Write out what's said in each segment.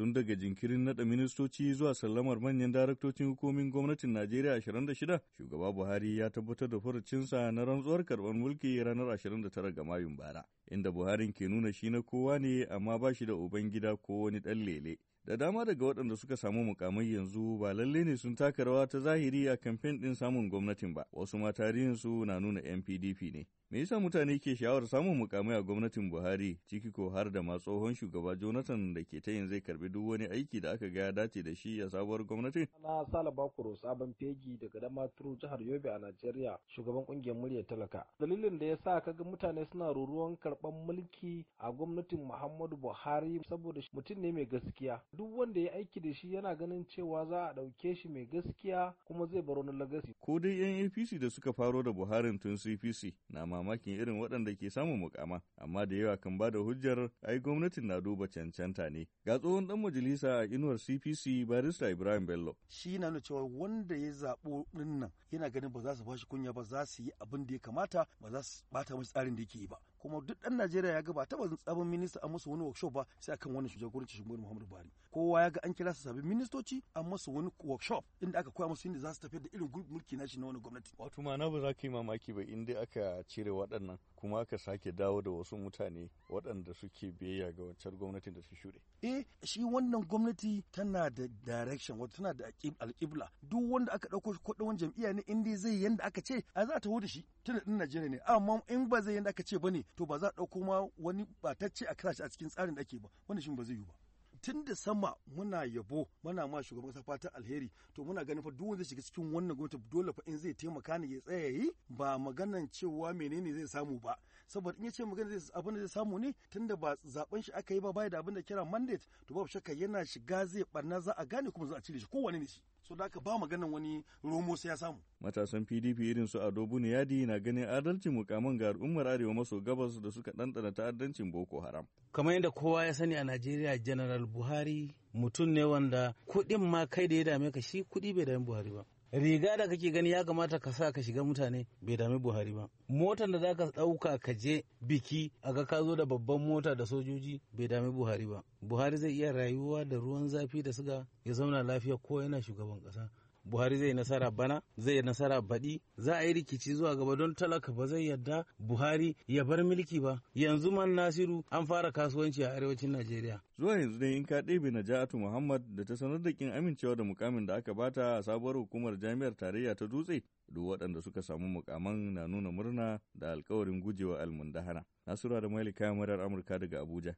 tun daga jinkirin naɗa ministoci zuwa sallamar manyan daraktocin hukumin gwamnatin Najeriya 26, shugaba Buhari ya tabbatar da furucinsa na rantsuwar karɓar mulki ranar 29 ga Mayun bara, inda Buhari ke nuna shi na kowa ne amma ba shi da gida ko wani ɗan lele. Da dama daga waɗanda suka samu mukamai yanzu ba lalle ne sun taka rawa ta zahiri a kamfen ɗin samun gwamnatin ba, wasu ma tarihinsu na nuna NPDP ne. Me yasa mutane ke sha'awar samun mukamai a gwamnatin Buhari ciki ko har da ma tsohon shugaba Jonathan da ke ta yin zai karbi duk wani aiki da aka ga ya dace da shi a sabuwar gwamnatin? Na Sala Bakuro sabon fegi daga Damaturu jihar Yobe a Najeriya shugaban kungiyar murya talaka. Dalilin da ya sa ka ga mutane suna ruruwan karɓan mulki a gwamnatin Muhammadu Buhari saboda mutum ne mai gaskiya. Duk wanda ya aiki da shi yana ganin cewa za a ɗauke shi mai gaskiya kuma zai bar wani lagasi. Ko dai 'yan APC da suka faro da Buharin tun CPC na ma mamakin irin waɗanda ke samun mukama, amma da yawa kan ba da hujjar ai gwamnatin na duba cancanta ne. Ga tsohon ɗan majalisa a inuwar CPC barista Ibrahim Bello. Shi na nuna cewa wanda ya zaɓo dinnan yana ganin ba za su bashi kunya ba za su yi abin da ya kamata ba za su bata mashi tsarin da yake yi ba. kuma duk dan Najeriya ya ga ba taɓa tsabin minista a musu wani workshop ba sai akan wani jagoranci shugaban Muhammadu Buhari kowa ya ga an kira su sabbin ministoci an musu wani workshop inda aka koya musu inda za su tafiyar da irin mulki na shi na wani gwamnati wato ma na ba za ka yi mamaki ba inda aka cire waɗannan kuma aka sake dawo da wasu mutane waɗanda suke biyayya ga wancan gwamnatin da su shuɗe eh shi wannan gwamnati tana da direction wato tana da alƙibla duk wanda aka ɗauko kuɗin jam'iyya ne inda zai yanda aka ce a za ta wuce shi tunda ɗin Najeriya ne amma in ba zai yanda aka ce bane to ba za a ɗauko ma wani batacce a kira shi a cikin tsarin da ake ba wannan shi ba zai yiwu ba tun da sama muna yabo muna ma shugaban kasa fatan alheri to muna ganin fa duk wanda shiga cikin wannan gwamnati dole fa in zai taimaka ne ya tsaya yi ba maganan cewa menene zai samu ba saboda in ya ce magana zai abin da zai samu ne tun da ba zaben shi aka yi ba bai da abin da kira mandate to babu shakka yana shiga zai barna za a gane kuma za a cire shi kowane ne shi so da ba maganan wani romo sai ya samu matasan pdp irin su ado yadi na ganin adalcin mukamin ga al'ummar arewa maso gabas da suka ɗanɗana ta'addancin boko haram kamar yadda kowa ya sani a najeriya general buhari mutum ne wanda kuɗin ma kai da ya dame ka shi kuɗi bai dame buhari ba riga da kake gani ya kamata ka sa ka shiga mutane bai dami buhari ba motar da za ka ɗauka ka je biki a ga ka zo da babban mota da sojoji bai dami buhari ba buhari zai iya rayuwa da ruwan zafi da suga ya zauna lafiya ko yana shugaban ƙasa buhari zai nasara bana zai nasara baɗi za a yi rikici zuwa gaba don talaka ba zai yadda buhari ya bar milki ba yanzu man nasiru an fara kasuwanci a arewacin najeriya zuwa yanzu dai in ka ɗebe najatu muhammad da ta sanar da kin amincewa da mukamin da aka bata a sabuwar hukumar jami'ar tarayya ta dutse duk waɗanda suka samu mukaman na nuna murna da alkawarin gujewa almundahana nasura da mailika murar amurka daga abuja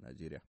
najeriya